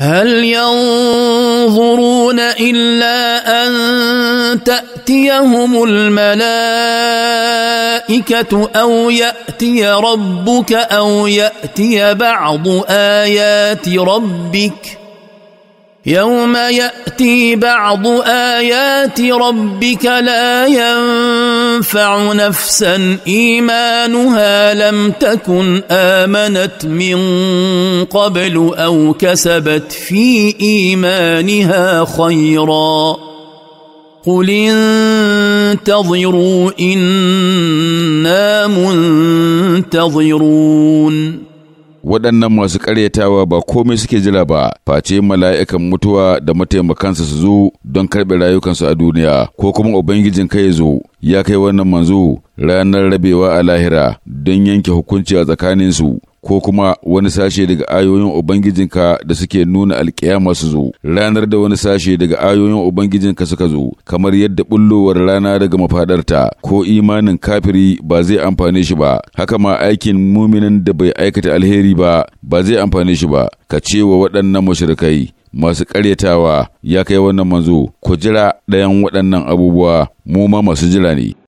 هل ينظرون الا ان تاتيهم الملائكه او ياتي ربك او ياتي بعض ايات ربك يوم ياتي بعض ايات ربك لا ينفع نفسا ايمانها لم تكن امنت من قبل او كسبت في ايمانها خيرا قل انتظروا انا منتظرون waɗannan masu ƙaryatawa ba komai suke jira ba face mala'ikan mutuwa da mataimakansa su zo don karɓe rayukansu a duniya ko kuma ubangijin kai ya zo ya kai wannan manzo ranar rabewa a lahira don yanke hukunci a tsakaninsu ko kuma wani sashe daga ayoyin Ubangijinka da suke nuna alkiyama su zo, ranar da wani sashe daga ayoyin Ubangijinka suka zo, kamar yadda bullowar rana daga mafadarta ko imanin kafiri ba zai amfane shi ba, haka ma aikin muminin da bai aikata alheri ba ba zai amfane shi ba, ka ce wa waɗannan mashirikai. masu ƙaryatawa ya kai wannan manzo, ku jira ɗayan waɗannan abubuwa, mu ma masu jira ne.